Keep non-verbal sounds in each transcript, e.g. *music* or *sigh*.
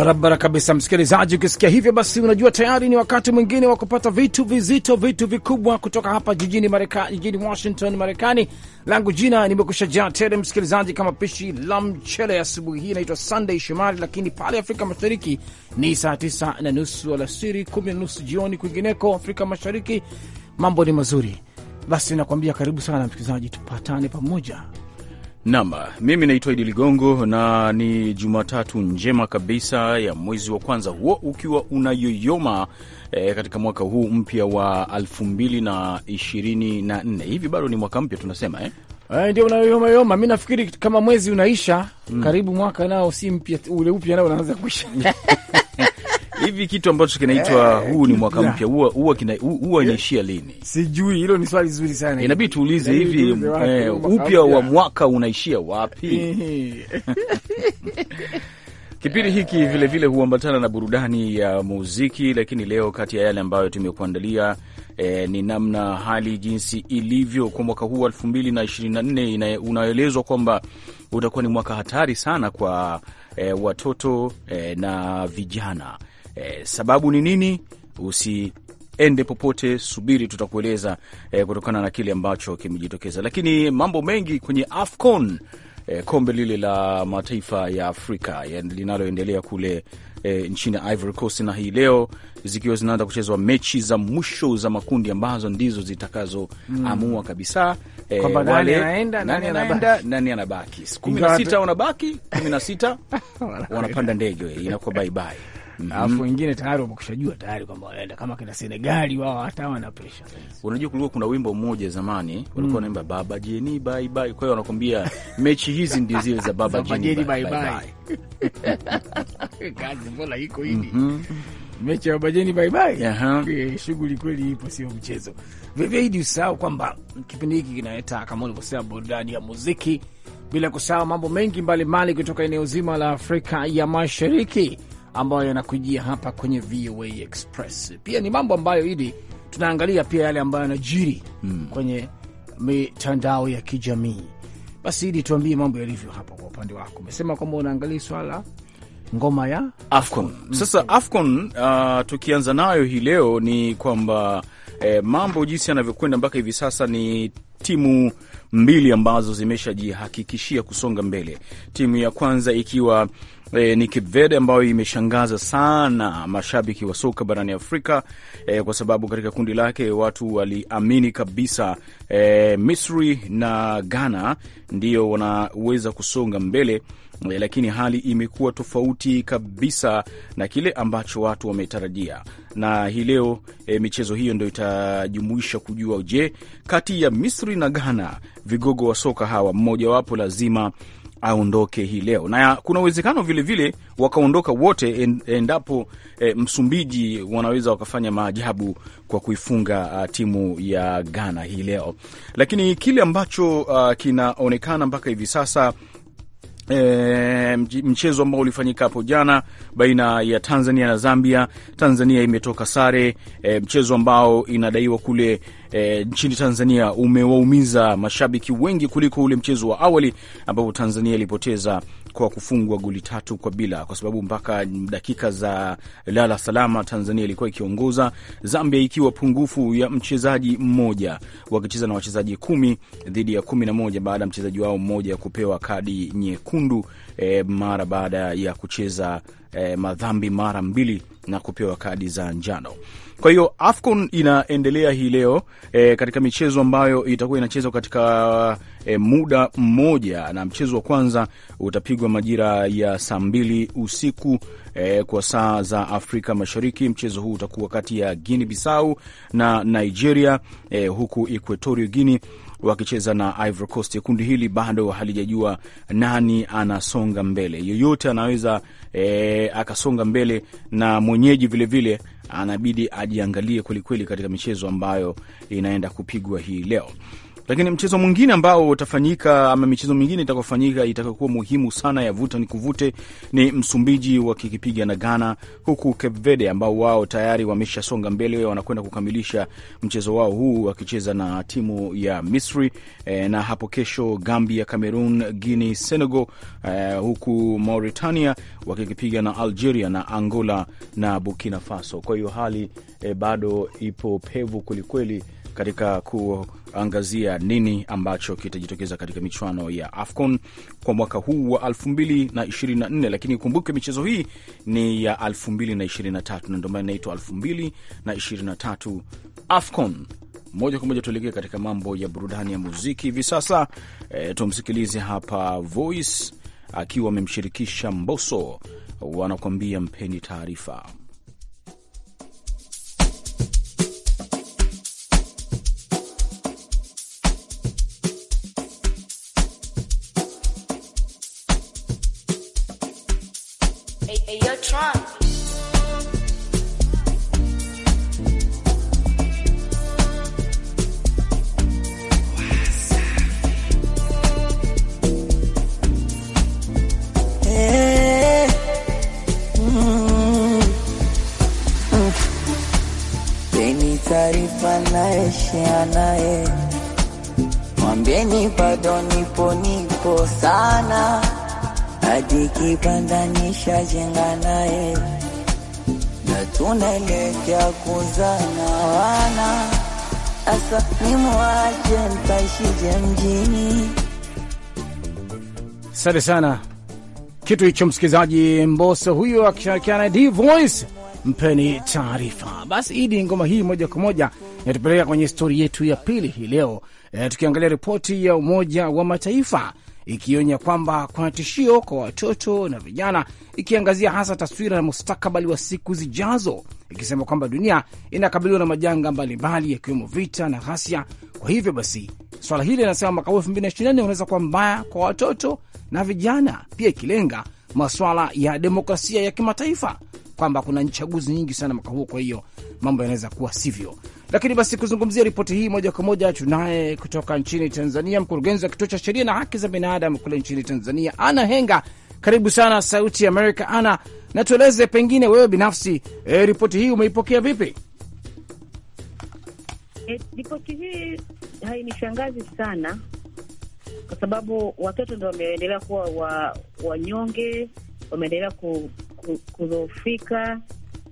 barabara kabisa, msikilizaji. Ukisikia hivyo, basi unajua tayari ni wakati mwingine wa kupata vitu vizito, vitu vikubwa kutoka hapa jijini Marekani, jijini Washington, Marekani. Langu jina nimekusha jaa tele, msikilizaji, kama pishi la mchele asubuhi hii. Naitwa Sunday Shomari, lakini pale Afrika Mashariki ni saa tisa na nusu alasiri, kumi na nusu jioni, kwingineko Afrika Mashariki mambo ni mazuri. Basi nakuambia karibu sana msikilizaji, tupatane pamoja Nam, mimi naitwa Idi Ligongo na ni Jumatatu njema kabisa ya mwezi wa kwanza huo ukiwa unayoyoma e, katika mwaka huu mpya wa 2024 hivi bado ni mwaka mpya tunasema eh? eh ndio unayoyomayoma. Mi nafikiri kama mwezi unaisha mm, karibu mwaka nao si mpya, ule upya nao unaanza kuisha *laughs* hivi kitu ambacho kinaitwa hey, eh, huu ni mwaka mpya huwa huwa huwa eh, inaishia lini? Sijui, hilo ni swali zuri sana. Inabidi tuulize yaani hivi eh, upya wa mwaka unaishia wapi? *laughs* Kipindi hiki vilevile vile huambatana na burudani ya muziki, lakini leo kati ya yale ambayo tumekuandalia e, ni namna hali jinsi ilivyo kwa mwaka huu elfu mbili na ishirini na nne unaelezwa kwamba utakuwa ni mwaka hatari sana kwa e, watoto e, na vijana E, sababu ni nini? Usiende popote, subiri, tutakueleza e, kutokana na kile ambacho kimejitokeza. Lakini mambo mengi kwenye AFCON e, kombe lile la mataifa ya Afrika linaloendelea kule E, nchini Ivory Coast na hii leo zikiwa zinaanza kuchezwa mechi za mwisho za makundi ambazo ndizo zitakazoamua kabisa e, wale nani anaenda nani anabaki. kumi na sita wanabaki, kumi na sita *laughs* wanapanda ndege, inakuwa baibai. Mhm. alafu wengine tayari wamekushajua tayari kwamba wanaenda kama kina Senegali, wao hata wana presha. Unajua, kulikuwa kuna wimbo mmoja zamani walikuwa mm. wanaimba baba jeni bye bye, kwa hiyo wanakuambia mechi hizi ndio zile za baba jeni bye bye. *laughs* Kazi mbona iko hivi mm -hmm. mechi ya bajeni baibai uh -huh. Shughuli kweli ipo, sio mchezo vivyoidi. Usahau kwamba kipindi hiki kinaleta kama ulivyosema burudani ya muziki, bila kusahau mambo mengi mbalimbali kutoka eneo zima la Afrika ya Mashariki ambayo yanakujia hapa kwenye VOA Express. Pia ni mambo ambayo idi tunaangalia pia yale ambayo yanajiri hmm, kwenye mitandao ya kijamii. Basi Idi, tuambie mambo yalivyo hapa kwa upande wako. Umesema kwamba unaangalia swala ngoma ya Afcon. Sasa hmm. Afcon, uh, tukianza nayo hii leo ni kwamba eh, mambo jinsi yanavyokwenda mpaka hivi sasa ni timu mbili ambazo zimeshajihakikishia kusonga mbele, timu ya kwanza ikiwa e, ni kipvede ambayo imeshangaza sana mashabiki wa soka barani Afrika e, kwa sababu katika kundi lake watu waliamini kabisa e, Misri na Ghana ndiyo wanaweza kusonga mbele e, lakini hali imekuwa tofauti kabisa na kile ambacho watu wametarajia, na hii leo e, michezo hiyo ndio itajumuisha kujua, je, kati ya Misri na Ghana vigogo wa soka hawa mmojawapo lazima aondoke hii leo, na kuna uwezekano vilevile wakaondoka wote endapo e, Msumbiji wanaweza wakafanya maajabu kwa kuifunga a, ah, timu ya Ghana hii leo, lakini kile ambacho a, ah, kinaonekana mpaka hivi sasa eh, mchezo ambao ulifanyika hapo jana baina ya Tanzania na Zambia. Tanzania imetoka sare eh, mchezo ambao inadaiwa kule e, nchini Tanzania umewaumiza mashabiki wengi kuliko ule mchezo wa awali ambapo Tanzania ilipoteza kwa kufungwa goli tatu kwa bila, kwa sababu mpaka dakika za lala salama Tanzania ilikuwa ikiongoza, Zambia ikiwa pungufu ya mchezaji mmoja, wakicheza na wachezaji kumi dhidi ya kumi na moja baada ya mchezaji wao mmoja kupewa kadi nyekundu e, mara baada ya kucheza e, madhambi mara mbili na kupewa kadi za njano. Kwa hiyo AFCON inaendelea hii leo e, katika michezo ambayo itakuwa inachezwa katika e, muda mmoja, na mchezo wa kwanza utapigwa majira ya saa mbili usiku e, kwa saa za Afrika Mashariki. Mchezo huu utakuwa kati ya Guinea Bissau na Nigeria e, huku Equatorio Guinea wakicheza na Ivory Coast. Kundi hili bado halijajua nani anasonga mbele, yoyote anaweza e, akasonga mbele na mwenyeji vilevile vile, anabidi ajiangalie kwelikweli katika michezo ambayo inaenda kupigwa hii leo. Lakini mchezo mwingine ambao utafanyika ama michezo mingine itakayofanyika itakakuwa muhimu sana ya vuta ni kuvute ni Msumbiji wakikipiga na Ghana, huku Cape Verde ambao wao tayari wameshasonga mbele, wanakwenda kukamilisha mchezo wao huu wakicheza na timu ya Misri e, na hapo kesho Gambia, Cameroon, Guinea, Senegal e, huku Mauritania wakikipiga na Algeria na Angola na Burkina Faso. Kwa hiyo hali e, bado ipo pevu kwelikweli katika ku kuangazia nini ambacho kitajitokeza katika michuano ya AFCON kwa mwaka huu wa 2024, lakini kumbuke michezo hii ni ya 2023 na ndio maana inaitwa 2023 AFCON. Moja kwa moja tuelekee katika mambo ya burudani ya muziki hivi sasa. E, tumsikilize hapa Voice akiwa amemshirikisha mboso wanakuambia mpeni taarifa. hadi kibandanisha jenga naye na tunaelekea kuzana wana asa ni mwache mpashije mjini. Asante sana kitu hicho msikilizaji. Mboso huyo akishirikiana D Voice mpeni taarifa. Basi Idi, ngoma hii moja kwa moja inatupeleka kwenye stori yetu ya pili hii leo, e, tukiangalia ripoti ya Umoja wa Mataifa ikionya kwamba kuna tishio kwa watoto na vijana, ikiangazia hasa taswira ya mustakabali wa siku zijazo, ikisema kwamba dunia inakabiliwa na majanga mbalimbali yakiwemo vita na ghasia. Kwa hivyo basi, swala hili linasema mwaka huu elfu unaweza kuwa mbaya kwa watoto na vijana, pia ikilenga maswala ya demokrasia ya kimataifa kwamba kuna chaguzi nyingi sana mwaka huo, kwa hiyo mambo yanaweza kuwa sivyo. Lakini basi kuzungumzia ripoti hii moja kwa moja tunaye kutoka nchini Tanzania, mkurugenzi wa kituo cha sheria na haki za binadamu kule nchini Tanzania, Ana Henga. Karibu sana Sauti ya Amerika. Ana, na tueleze pengine wewe binafsi e, ripoti hii umeipokea vipi? E, ripoti hii hainishangazi sana kwa sababu watoto ndo wameendelea kuwa wanyonge, wameendelea kudhoofika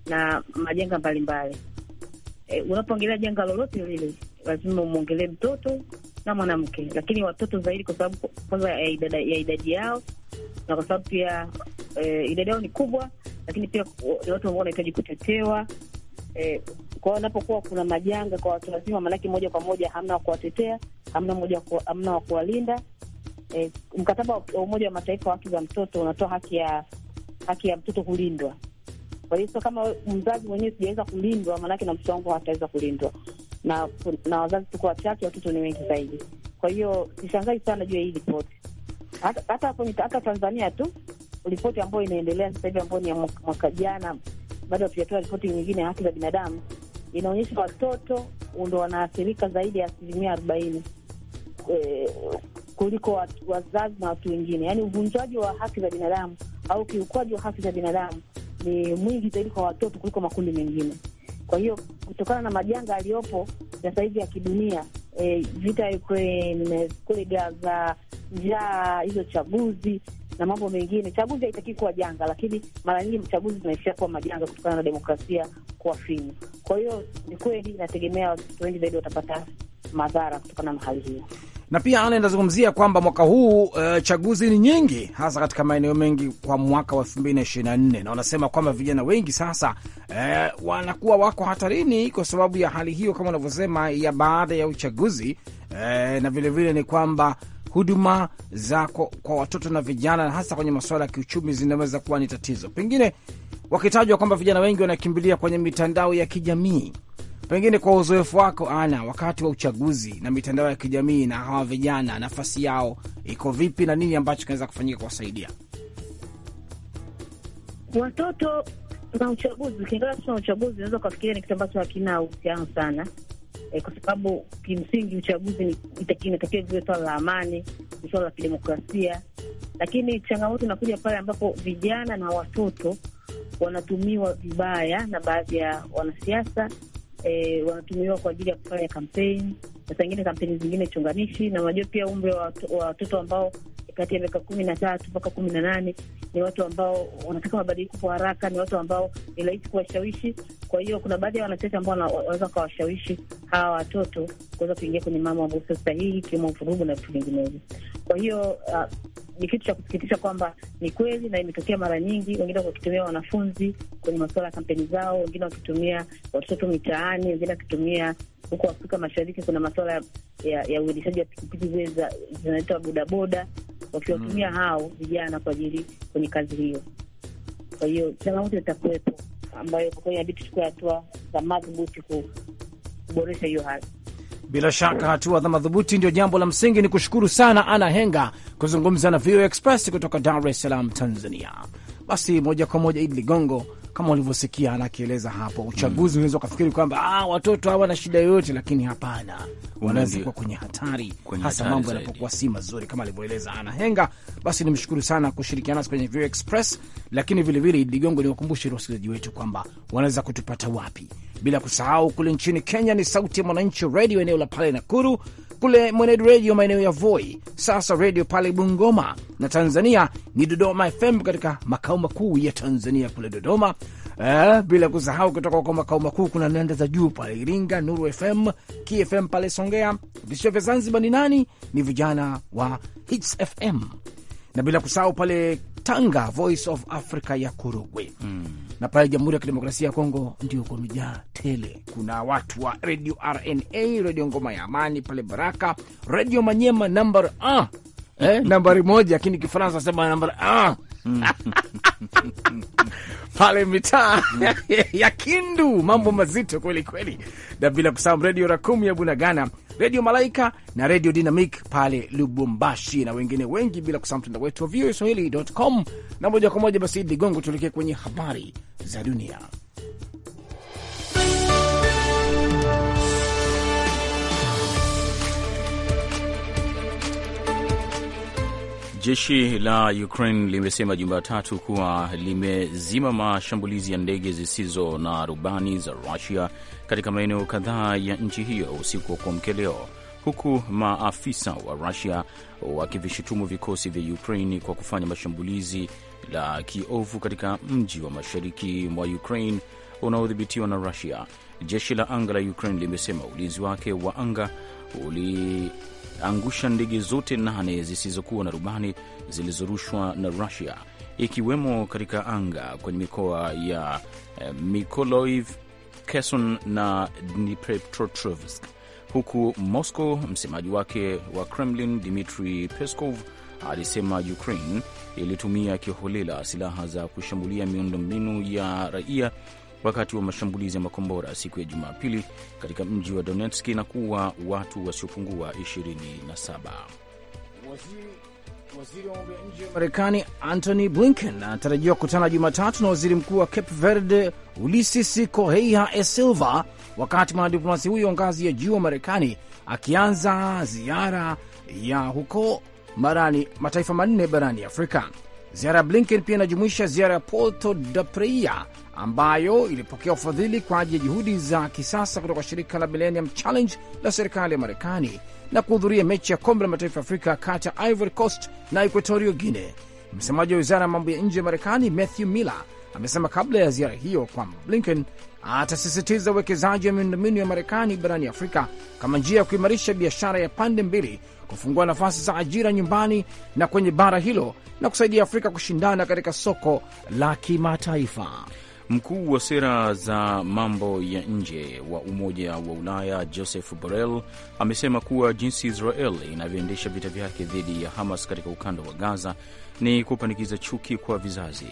na majanga mbalimbali. E, unapoongelea janga lolote lile lazima umwongelee mtoto na mwanamke, lakini watoto zaidi, kwa sababu kwanza ya idadi yao na kwa sababu pia e, idadi yao ni kubwa, lakini pia ni watu ambao wanahitaji kutetewa. E, kwao unapokuwa kuna majanga kwa watu wazima, maanake moja kwa moja hamna wa kuwatetea, hamna moja kwa, hamna wa kuwalinda. E, mkataba wa Umoja wa Mataifa wa haki za mtoto unatoa haki ya haki ya mtoto kulindwa. Kwa hiyo kama mzazi mwenyewe sijaweza kulindwa, maanake na mtoto wangu hataweza kulindwa, na na wazazi tuko wachache, watoto ni wengi zaidi. Kwa hiyo sishangai sana juu ya hii ripoti, hata hapo hata Tanzania tu ripoti ambayo inaendelea sasa hivi ambayo ni ya mwaka jana, bado hatujatoa ripoti nyingine ya haki za binadamu, inaonyesha watoto ndo wanaathirika zaidi ya asilimia arobaini eh, kuliko wazazi na watu wengine, yaani uvunjaji wa haki za binadamu au kiukwaji wa haki za binadamu ni mwingi zaidi kwa watoto kuliko makundi mengine. Kwa hiyo kutokana na majanga yaliyopo sasa hivi ya kidunia, e, vita ya Ukraine kule Gaza, njaa, hizo chaguzi na mambo mengine. Chaguzi haitakii kuwa janga, lakini mara nyingi chaguzi zinaishia kuwa majanga kutokana na demokrasia kuwa finyu. Kwa hiyo ni kweli, inategemea watoto wengi zaidi watapata madhara kutokana na hali hiyo. Na pia ana inazungumzia kwamba mwaka huu uh, chaguzi ni nyingi hasa katika maeneo mengi kwa mwaka wa elfu mbili na ishirini na nne na wanasema kwamba vijana wengi sasa uh, wanakuwa wako hatarini kwa sababu ya hali hiyo kama unavyosema ya baada ya uchaguzi uh, na vilevile vile ni kwamba huduma za kwa, kwa watoto na vijana hasa kwenye masuala ya kiuchumi zinaweza kuwa ni tatizo, pengine wakitajwa kwamba vijana wengi wanakimbilia kwenye mitandao ya kijamii pengine kwa uzoefu wako, Ana, wakati wa uchaguzi na mitandao ya kijamii na hawa vijana, nafasi yao iko vipi na nini ambacho kinaweza kufanyika kuwasaidia watoto na uchaguzi? Ukiangalia na uchaguzi, unaweza ukafikiria ni kitu ambacho hakina uhusiano sana e, kwa sababu kimsingi uchaguzi inatakiwa viwe swala la amani, ni swala la kidemokrasia, lakini changamoto inakuja pale ambapo vijana na watoto wanatumiwa vibaya na baadhi ya wanasiasa e, wanatumiwa kwa ajili ya kufanya kampeni na saa kampeni zingine chunganishi, na unajua pia umri wa watoto ambao kati ya miaka kumi na tatu mpaka kumi na nane ni watu ambao wanataka mabadiliko kwa haraka, ni watu ambao ni rahisi kuwashawishi. Kwa hiyo kuna baadhi ya wanasiasa ambao wanaweza wakawashawishi hawa watoto kuweza kuingia kwenye mambo ambayo sio sahihi, ikiwemo vurugu na vitu vinginevyo. Kwa hiyo uh, ni kitu cha kusikitisha kwamba ni kweli na imetokea mara nyingi, wengine wakitumia wanafunzi kwenye masuala ya kampeni zao, wengine wakitumia watoto mitaani, wengine wakitumia huko Afrika Mashariki kuna masuala ya uendeshaji wa pikipiki zile zinaitwa bodaboda, wakiwatumia mm, hao vijana kwa ajili kwenye kazi hiyo. Kwa hiyo changamoto itakuwepo ambayo kwa kweli inabidi tuchukue hatua za madhubuti kuboresha hiyo hali. Bila shaka hatua za madhubuti ndio jambo la msingi. Ni kushukuru sana Ana Henga kuzungumza na VOA Express kutoka Dar es Salaam, Tanzania. Basi moja kwa moja, Idi Ligongo, kama ulivyosikia anakieleza hapo, uchaguzi mm, unaweza ukafikiri kwamba ah, watoto na shida yoyote, lakini hapana, wanaweza kuwa kwenye hatari, hasa mambo yanapokuwa si mazuri kama alivyoeleza Ana Henga. Basi nimshukuru sana kushirikiana nasi kwenye VOA Express, lakini vilevile Idi Ligongo, niwakumbushe wasikilizaji wetu kwamba wanaweza kutupata wapi bila kusahau kule nchini Kenya ni Sauti ya Mwananchi redio eneo la pale Nakuru, kule Mwenedu redio maeneo ya Voi, sasa redio pale Bungoma, na Tanzania ni Dodoma FM katika makao makuu ya Tanzania kule Dodoma. Eh, bila kusahau kutoka kwa makao makuu kuna nenda za juu pale Iringa, Nuru FM, KFM pale Songea. Visiwa vya Zanzibar ni nani? Ni vijana wa Hits FM, na bila kusahau pale Tanga, Voice of Africa ya Korogwe. mm na pale Jamhuri ya Kidemokrasia ya Kongo ndio kumejaa tele. Kuna watu wa Radio RNA, Radio Ngoma ya Amani pale Baraka, Radio Manyema nambar eh, nambari moja, lakini Kifaransa sema nambar *laughs* pale mitaa *laughs* ya Kindu, mambo mazito kweli kweli, na bila kusahau redio Rakumu ya Bunagana, redio Malaika na redio Dynamic pale Lubumbashi na wengine wengi, bila kusahau mtandao wetu wa voaswahili.com. Na moja kwa moja basi, Ligongo, tuelekee kwenye habari za dunia. Jeshi la Ukraine limesema Jumatatu kuwa limezima mashambulizi ya ndege zisizo na rubani za Rusia katika maeneo kadhaa ya nchi hiyo usiku wa kuamkia leo, huku maafisa wa Rusia wakivishutumu vikosi vya Ukraine kwa kufanya mashambulizi la kiovu katika mji wa mashariki mwa Ukraine unaodhibitiwa na Rusia. Jeshi la anga la Ukraine limesema ulinzi wake wa anga uli angusha ndege zote nane zisizokuwa na rubani zilizorushwa na Rusia, ikiwemo katika anga kwenye mikoa ya eh, Mikoloiv, Kherson na Dnipropetrovsk, huku Moscow, msemaji wake wa Kremlin Dmitri Peskov alisema Ukraine ilitumia kiholela silaha za kushambulia miundombinu ya raia wakati wa mashambulizi ya makombora siku ya Jumapili katika mji wa Donetski na kuua watu wasiopungua 27. Waziri wa mambo ya nje wa Marekani Antony Blinken anatarajiwa kukutana Jumatatu na waziri mkuu wa Cape Verde Ulises Correia e Silva, wakati mwanadiplomasi huyo ngazi ya juu wa Marekani akianza ziara ya huko marani mataifa manne barani Afrika. Ziara ya Blinken pia inajumuisha ziara ya Porto da Praia ambayo ilipokea ufadhili kwa ajili ya juhudi za kisasa kutoka shirika la Millennium Challenge la serikali ya Marekani na kuhudhuria mechi ya kombe la mataifa ya Afrika kati ya Ivory Coast na Equatorio Guine. Msemaji wa wizara ya mambo ya nje ya Marekani Matthew Miller amesema kabla ya ziara hiyo kwamba Blinken atasisitiza uwekezaji wa miundombinu ya Marekani barani Afrika kama njia ya kuimarisha biashara ya pande mbili, kufungua nafasi za ajira nyumbani na kwenye bara hilo na kusaidia Afrika kushindana katika soko la kimataifa. Mkuu wa sera za mambo ya nje wa Umoja wa Ulaya Joseph Borrell amesema kuwa jinsi Israel inavyoendesha vita vyake dhidi ya Hamas katika ukanda wa Gaza ni kupanikiza chuki kwa vizazi.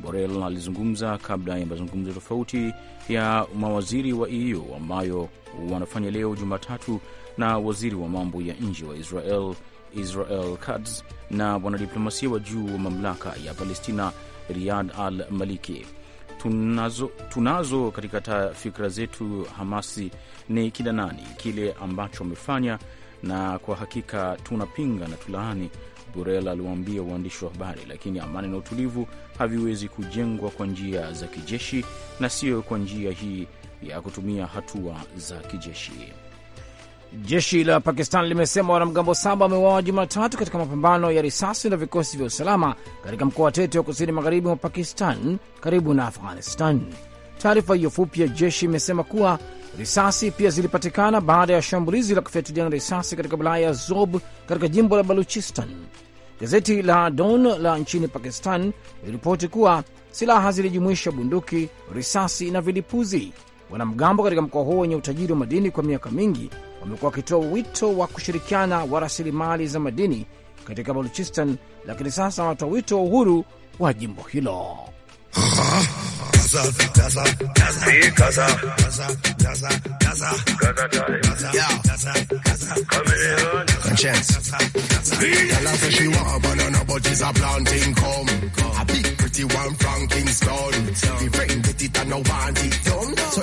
Borrell alizungumza kabla ya mazungumzo tofauti ya mawaziri wa EU ambayo wanafanya leo Jumatatu na waziri wa mambo ya nje wa Israel Israel Katz na wanadiplomasia wa juu wa mamlaka ya Palestina Riyad al Maliki tunazo, tunazo katika fikra zetu. Hamasi ni kila nani, kile ambacho wamefanya, na kwa hakika tunapinga na tulaani, Burel aliwaambia waandishi wa habari. Lakini amani na utulivu haviwezi kujengwa kwa njia za kijeshi na siyo kwa njia hii ya kutumia hatua za kijeshi. Jeshi la Pakistan limesema wanamgambo saba wameuawa Jumatatu katika mapambano ya risasi na vikosi vya usalama katika mkoa tete wa kusini magharibi mwa Pakistan karibu na Afghanistan. Taarifa hiyo fupi ya jeshi imesema kuwa risasi pia zilipatikana baada ya shambulizi la kufyatuliana risasi katika wilaya ya Zob katika jimbo la Baluchistan. Gazeti la Don la nchini Pakistan liliripoti kuwa silaha zilijumuisha bunduki, risasi na vilipuzi. Wanamgambo katika mkoa huo wenye utajiri wa madini kwa miaka mingi wamekuwa wakitoa wito wa kushirikiana wa rasilimali za madini katika Baluchistan, lakini sasa wanatoa wito wa uhuru wa jimbo hilo.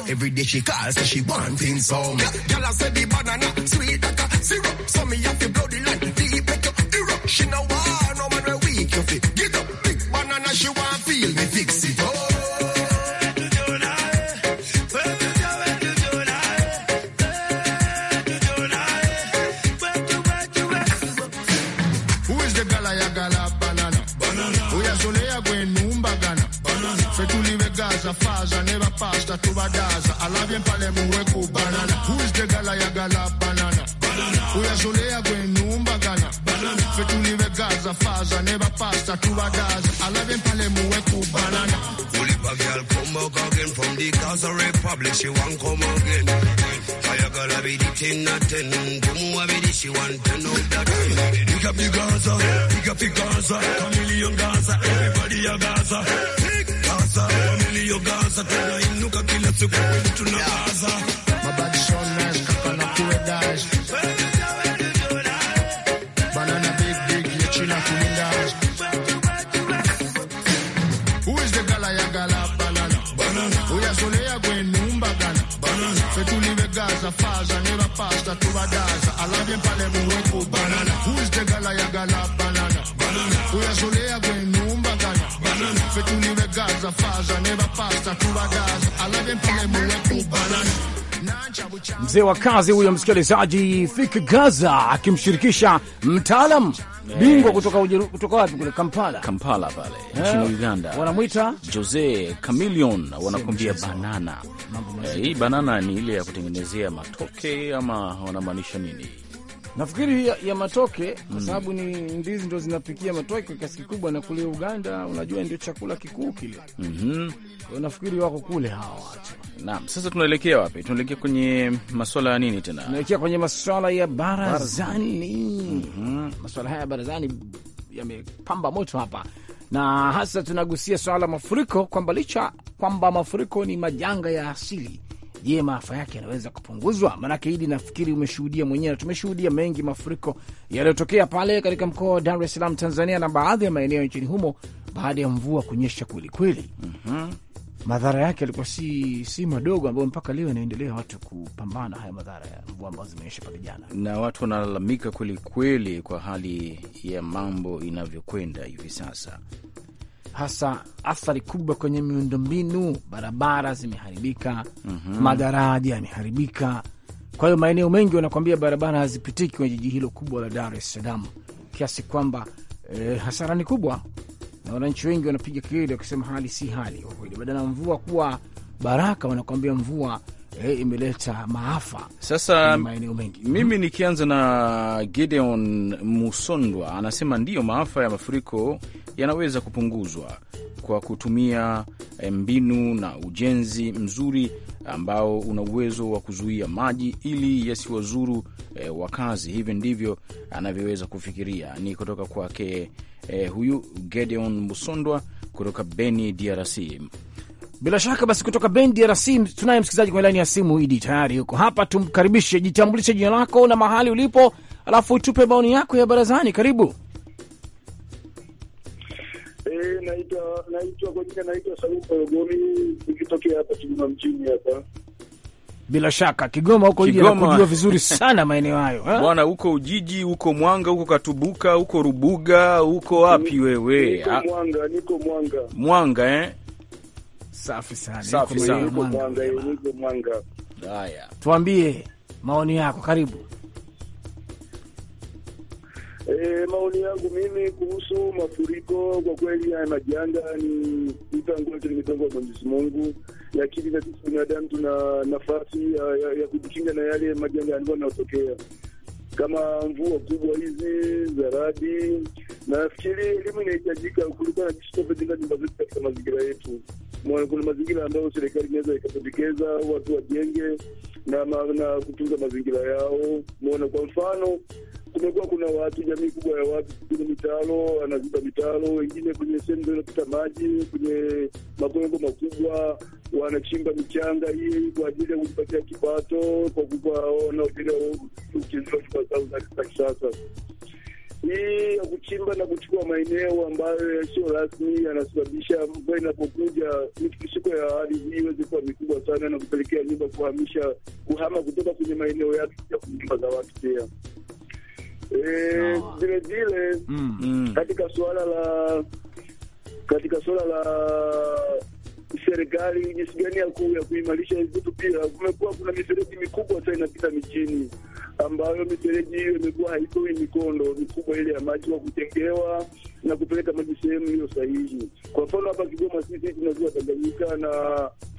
Every day she calls, so she wanting some. Girl, I say the banana sweet like a syrup. So me have to blow the line deep make your Europe. She no want no man we weak. You fit get up, big banana. She want feel me fix it up. pasta to a Gaza. I love him pale muweku banana. Who is the gala ya gala banana? Uya solea gwe numba gana. Fetulive Gaza faza neba pasta to a Gaza. I love him pale muweku banana. Ulipa girl come back again from the Gaza Republic. She won't come again. Kaya gala be the ten na ten. Bumwa be the she want to know that. Pick up the Gaza. Pick up the Gaza. A million Gaza. Everybody a Gaza. Pick Gaza, milio Gaza, tunainuka kila siku kweli tunakaza Banana. Who is the gala ya gala banana? Banana. Uyasolea Mzee wa kazi huyo, msikilizaji Fik Gaza akimshirikisha mtaalam bingwa kutoka ujiru, kutoka wapi kule Kampala, Kampala pale eh? nchini Uganda, wanamwita Jose Chameleon, wanakwambia banana. Eh, hii banana ni ile ya kutengenezea matoke ama wanamaanisha nini? Nafikiri ya, ya matoke kwa sababu ni ndizi ndo zinapikia matoke kwa kiasi kikubwa, na kule Uganda unajua ndio chakula kikuu kile. mm -hmm. Nafikiri wako kule hawa watu. Naam, sasa tunaelekea wapi? Tunaelekea kwenye maswala ya nini tena? Tunaelekea kwenye maswala ya barazani. mm -hmm. Maswala haya ya barazani yamepamba moto hapa na hasa tunagusia swala la mafuriko, kwamba licha kwamba mafuriko ni majanga ya asili Je, maafa yake yanaweza kupunguzwa? Maanake hili nafikiri umeshuhudia mwenyewe, tumeshuhudia mengi mafuriko yaliyotokea pale katika mkoa wa Dar es Salaam, Tanzania, na baadhi ya maeneo nchini humo baada ya mvua kunyesha kwelikweli. mm -hmm. Madhara yake yalikuwa si, si madogo, ambayo mpaka leo yanaendelea watu kupambana haya madhara ya mvua ambazo zimeonyesha pale jana, na watu wanalalamika kwelikweli kwa hali ya mambo inavyokwenda hivi sasa hasa athari kubwa kwenye miundombinu, barabara zimeharibika, mm -hmm. madaraja yameharibika. Kwa hiyo maeneo mengi wanakuambia barabara hazipitiki kwenye jiji hilo kubwa la Dar es Salaam, kiasi kwamba eh, hasara ni kubwa, na wananchi wengi wanapiga kelele wakisema hali si hali kwa kweli. Badala mvua kuwa baraka, wanakuambia mvua e, imeleta maafa sasa maeneo mengi. Mhm. Mimi nikianza na Gideon Musondwa anasema ndiyo, maafa ya mafuriko yanaweza kupunguzwa kwa kutumia eh, mbinu na ujenzi mzuri ambao una uwezo wa kuzuia maji ili yasiwazuru e, wakazi. Hivi ndivyo anavyoweza kufikiria. Ni kutoka kwake e, huyu Gedeon Musondwa kutoka Beni, DRC. Bila shaka basi, kutoka bendi ya tunaye msikilizaji kwenye laini ya simu. Idi tayari huko hapa, tumkaribishe. Jitambulishe jina lako na mahali ulipo, alafu tupe maoni yako ya barazani. Karibu. E, naitwa naitwa kwa jina naitwa nikitokea hapa Kigoma mjini hapa. Bila shaka Kigoma huko Ujiji vizuri sana maeneo hayo bwana, huko Ujiji, huko Mwanga, huko Katubuka, huko Rubuga, huko wapi wewe? Niko ah. Mwanga, niko Mwanga, Mwanga eh? Safi sana, safi sana. Mwanga, haya, tuambie maoni yako, karibu. E, maoni yangu mimi kuhusu mafuriko kwa kweli, haya majanga ni mipango ni mipango ya Mwenyezi Mungu, lakini na sisi binadamu tuna nafasi ya, ya, ya kujikinga na yale majanga yalikuwa yanayotokea kama mvua kubwa hizi za radi. Nafikiri elimu inahitajika kulikuwa na katika mazingira yetu kuna mazingira ambayo serikali inaweza ikapendekeza watu wajenge na, na kutunza mazingira yao. mona kwa mfano kumekuwa kuna watu jamii kubwa ya watu kwenye mitaro, anaziba mitaro, wengine kwenye sehemu zinazopita maji, kwenye magongo makubwa wanachimba michanga hii kwa ajili ya kujipatia kipato kwa wanaojenga uchezi nyumba zao za kisasa hii ya kuchimba na kuchukua maeneo ambayo yasiyo rasmi yanasababisha mvua inapokuja mitikisiko ya hali hii iweze kuwa mikubwa sana na kupelekea nyumba kuhamisha kuhama kutoka kwenye maeneo yake ya nyumba za watu pia. E, vile vile mm. Mm. katika suala la katika suala la serikali jinsi gani ya kuimarisha vitu, pia kumekuwa kuna mifereji mikubwa sana inapita mijini ambayo mifereji hiyo imekuwa haitoi mikondo mikubwa ile ya maji wa kutengewa na kupeleka maji sehemu iliyo sahihi. Kwa mfano hapa Kigoma sisi tuna Tanganyika na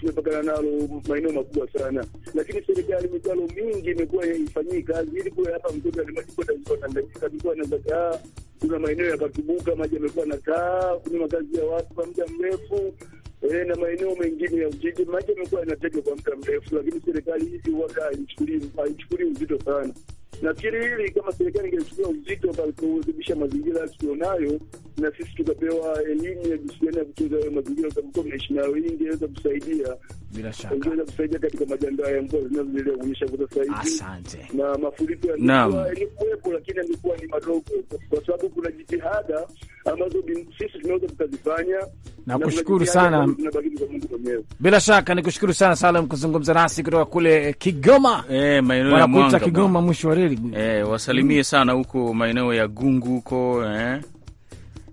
tumepakana nalo maeneo makubwa sana, lakini serikali mitalo mingi imekuwa haifanyii kazi ili kule hapa mtoto alimajikwenda ziwa Tanganyika alikuwa anazakaa kuna maeneo yakatubuka maji yamekuwa na kaa kwenye makazi ya watu kwa muda mrefu e, na maeneo mengine ya Ujiji. Maji amekuwa yanatega kwa muda mrefu, lakini serikali hizi huwaga haichukulii uzito sana. Nafikiri hili kama serikali ingechukua uzito palipozibisha mazingira tulionayo, na sisi tukapewa elimu ya jinsi gani ya kutunza hayo mazingira, utakuwa naishi nayo, hii ingeweza kusaidia bila shaka ingeweza kusaidia katika majanga ya mvua zinazoendelea kuonyesha kwa sasa hivi. Asante. Na mafuriko yalikuwepo, lakini yamekuwa ni madogo, kwa sababu kuna jitihada ambazo sisi tunaweza tukazifanya. Nakushukuru sana, bila shaka nikushukuru sana Salam kuzungumza nasi kutoka kule eh, Kigoma, eh, maeneo ya Mwanga, Kigoma mwisho wa reli eh, wasalimie mm, sana huko maeneo ya Gungu huko eh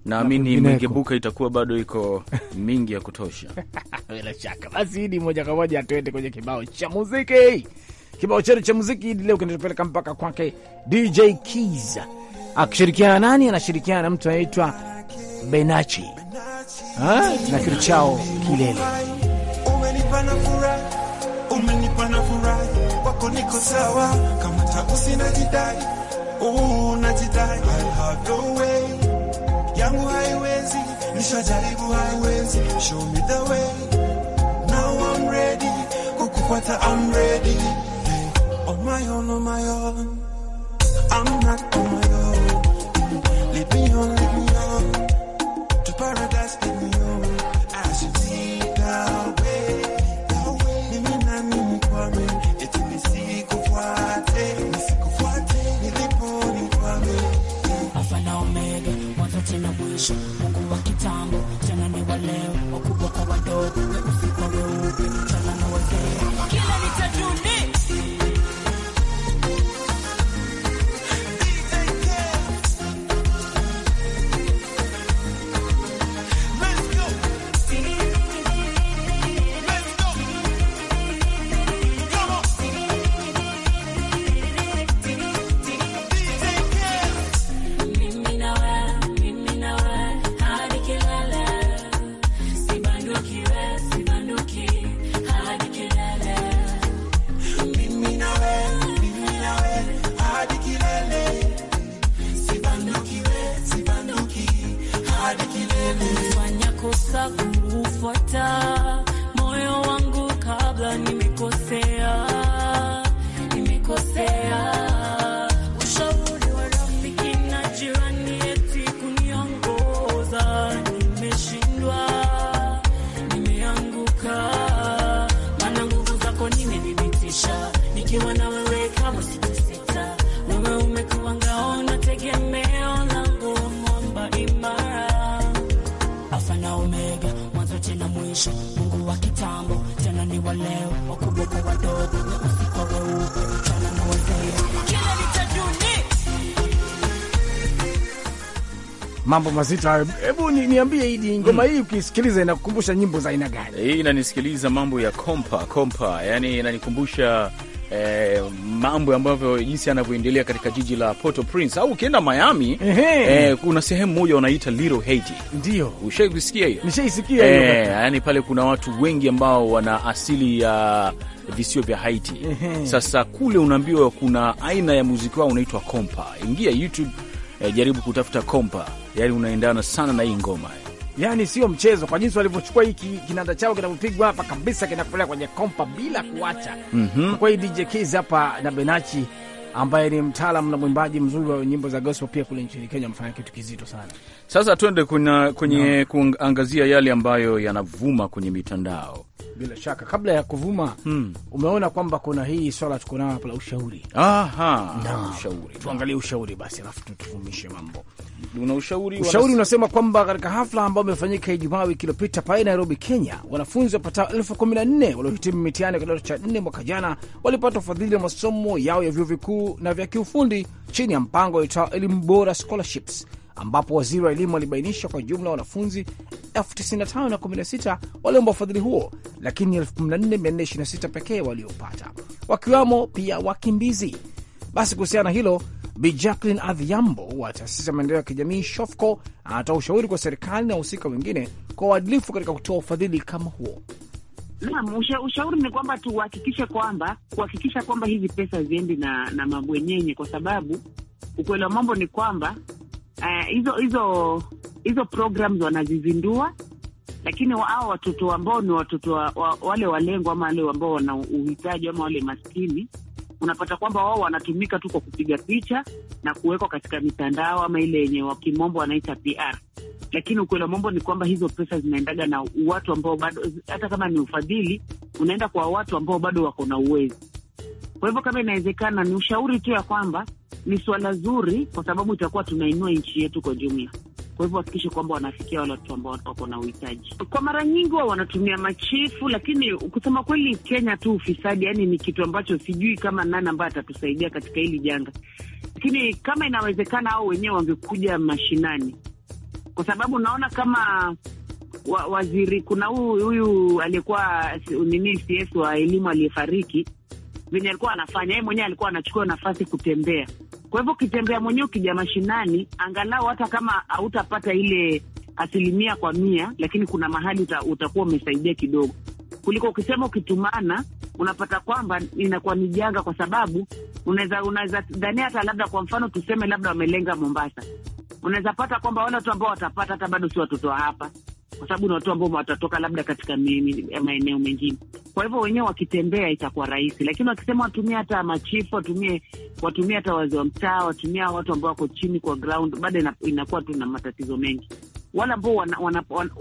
naamini mingebuka itakuwa bado iko mingi ya kutosha. *laughs* Bila shaka basi, hidi moja kwa moja tuende kwenye kibao cha muziki, kibao chetu cha muziki hidi leo kinatupeleka mpaka kwake DJ Keys akishirikiana nani? Anashirikiana na mtu anaitwa Benachi na kitu chao Kilele. Umenipana furaha, umenipana furaha, wako niko sawa, kama jidai, yangu haiwezi, nishajaribu haiwezi. Show me the way, now I'm ready kukufuata, I'm ready on my own, on my own, I'm not on Mambo mazito hayo. Hebu niambie ni Idi, ngoma hii ukisikiliza inakukumbusha nyimbo za aina gani? Hii inanisikiliza mambo ya kompa kompa, yani inanikumbusha eh, mambo ambavyo jinsi anavyoendelea katika jiji la Port au Prince au ukienda Miami eh, kuna sehemu moja wanaita Little Haiti. Ndio ushaikusikia hiyo? Nishaisikia hiyo eh, yani pale kuna watu wengi ambao wana asili ya visio vya Haiti. Sasa kule unaambiwa kuna aina ya muziki wao unaitwa kompa. Ingia YouTube eh, jaribu kutafuta kompa, yani unaendana sana na hii ngoma yani sio mchezo kwa jinsi walivyochukua hiki kinanda chao kinavyopigwa hapa kabisa kinapolea kwenye kompa bila kuacha. mm -hmm. Kwa hii DJ Kiz hapa na Benachi ambaye ni mtaalamu na mwimbaji mzuri wa nyimbo za gospel pia kule nchini Kenya amefanya kitu kizito sana. Sasa twende kwenye no. kuangazia yale ambayo yanavuma kwenye mitandao bila shaka kabla ya kuvuma hmm. Umeona kwamba kuna hii swala tuko nayo hapa la ushauri. Aha, na ushauri, tuangalie ushauri basi, alafu tutuvumishe mambo. Una ushauri, ushauri unasema kwamba katika hafla ambayo imefanyika Ijumaa wiki iliyopita pale Nairobi, Kenya, wanafunzi wapatao elfu kumi na nne waliohitimu mitihani ya kidato cha nne mwaka jana walipata ufadhili wa masomo yao ya vyuo vikuu na vya kiufundi chini ya mpango waitao elimu bora scholarships ambapo waziri wa elimu alibainisha kwa jumla wanafunzi 95,016 waliomba ufadhili huo, lakini 14,426 pekee waliopata, wakiwamo pia wakimbizi. Basi kuhusiana na hilo, Bi Jacqueline Adhiambo wa taasisi ya maendeleo ya kijamii SHOFCO anatoa ushauri kwa serikali na wahusika wengine kwa uadilifu katika kutoa ufadhili kama huo. Naam, ushauri ni kwamba tuhakikishe kwamba kuhakikisha kwamba hizi pesa ziendi na na mabwenyenye, kwa sababu ukweli wa mambo ni kwamba Eh, hizo uh, hizo hizo programs wanazizindua, lakini hao watoto ambao ni watoto wa, wa, wale walengwa ama wale ambao wana uhitaji ama wale maskini, unapata kwamba wao wanatumika tu kwa kupiga picha na kuwekwa katika mitandao ama ile yenye wakimombo wanaita PR. Lakini ukweli wa mambo ni kwamba hizo pesa zinaendaga na watu ambao bado, hata kama ni ufadhili, unaenda kwa watu ambao bado wako na uwezo. Kwa hivyo kama inawezekana, ni ushauri tu ya kwamba ni swala zuri, kwa sababu itakuwa tunainua nchi yetu kwa jumla. Kwa hivyo hakikishe kwamba wanafikia wale watu ambao wako na uhitaji. Kwa mara nyingi wao wanatumia machifu, lakini kusema kweli, Kenya tu ufisadi, yani ni kitu ambacho sijui kama nani ambaye atatusaidia katika hili janga, lakini kama inawezekana, au wenyewe wangekuja mashinani, kwa sababu naona kama wa, waziri kuna huyu aliyekuwa nini CS wa elimu aliyefariki, venye alikuwa anafanya yeye mwenyewe, alikuwa anachukua nafasi kutembea kwa hivyo ukitembea mwenyewe, ukija mashinani, angalau hata kama hautapata ile asilimia kwa mia, lakini kuna mahali uta, utakuwa umesaidia kidogo kuliko ukisema ukitumana unapata kwamba inakuwa ni janga, kwa sababu unaweza unaweza dhania hata labda, kwa mfano tuseme labda wamelenga Mombasa, unaweza pata kwamba wale watu ambao watapata hata bado si watoto wa hapa, kwa sababu ni watu ambao watatoka labda katika maeneo mengine. Kwa hivyo wenyewe wakitembea itakuwa rahisi, lakini wakisema watumie hata machifu, watumie watumie hata wazee wa mtaa, watumie watu ambao wako chini kwa ground, bado inakuwa tu na matatizo mengi. Wale ambao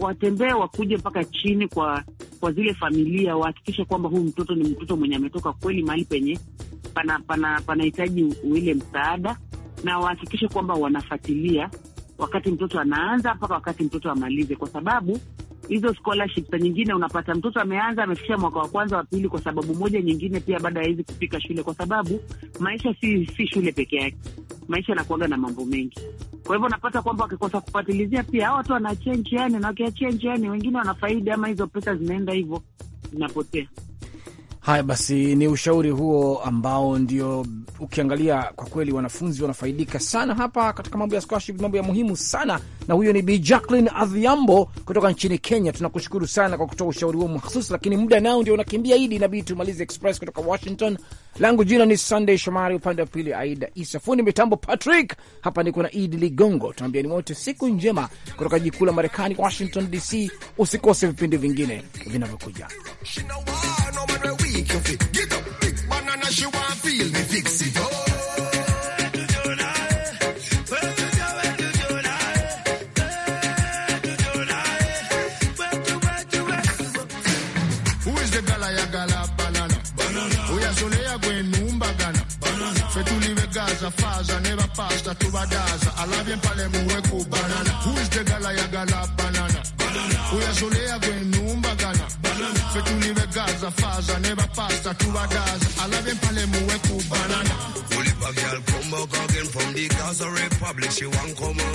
watembee wakuje mpaka chini kwa kwa zile familia, wahakikishe kwamba huyu mtoto ni mtoto mwenye ametoka kweli mahali penye panahitaji pana, pana ile msaada na wahakikishe kwamba wanafuatilia wakati mtoto anaanza mpaka wakati mtoto amalize, kwa sababu hizo scholarships nyingine unapata mtoto ameanza amefikia mwaka wa kwanza wa pili, kwa sababu moja nyingine pia ya hizi kufika shule, kwa sababu maisha si, si shule peke yake. Maisha yanakuaga na mambo mengi, kwa hivyo unapata kwamba wakikosa kufuatilizia pia hao watu wanachia yani, na wakiachange yani wengine wanafaidi ama hizo pesa zinaenda hivyo zinapotea. Haya basi, ni ushauri huo ambao ndio ukiangalia kwa kweli wanafunzi wanafaidika sana hapa katika mambo ya scholarship, mambo ya muhimu sana. Na huyo ni Bi Jacqueline Adhiambo kutoka nchini Kenya. Tunakushukuru sana kwa kutoa ushauri huo mahususi, lakini muda nao ndio unakimbia. Idi inabidi tumalize Express kutoka Washington. Langu jina ni Sunday Shomari, upande wa pili Aida Isa, fundi mitambo Patrick, hapa niko na Idi Ligongo. ni wote siku njema kutoka jikuu la Marekani, Washington DC. Usikose vipindi vingine vinavyokuja. weak of it. Get up, big banana, she want feel me fix it. Oh. faza never pasta Badaza. alabye mpale muwe ku banana who's the gala ya gala banana uyasolea kwenumbagana Fe tu Gaza, regaza, faza, never pasta, tu agas. Alave pale muwe ku banana. Ulipa girl come back from the Gaza Republic. She won't come on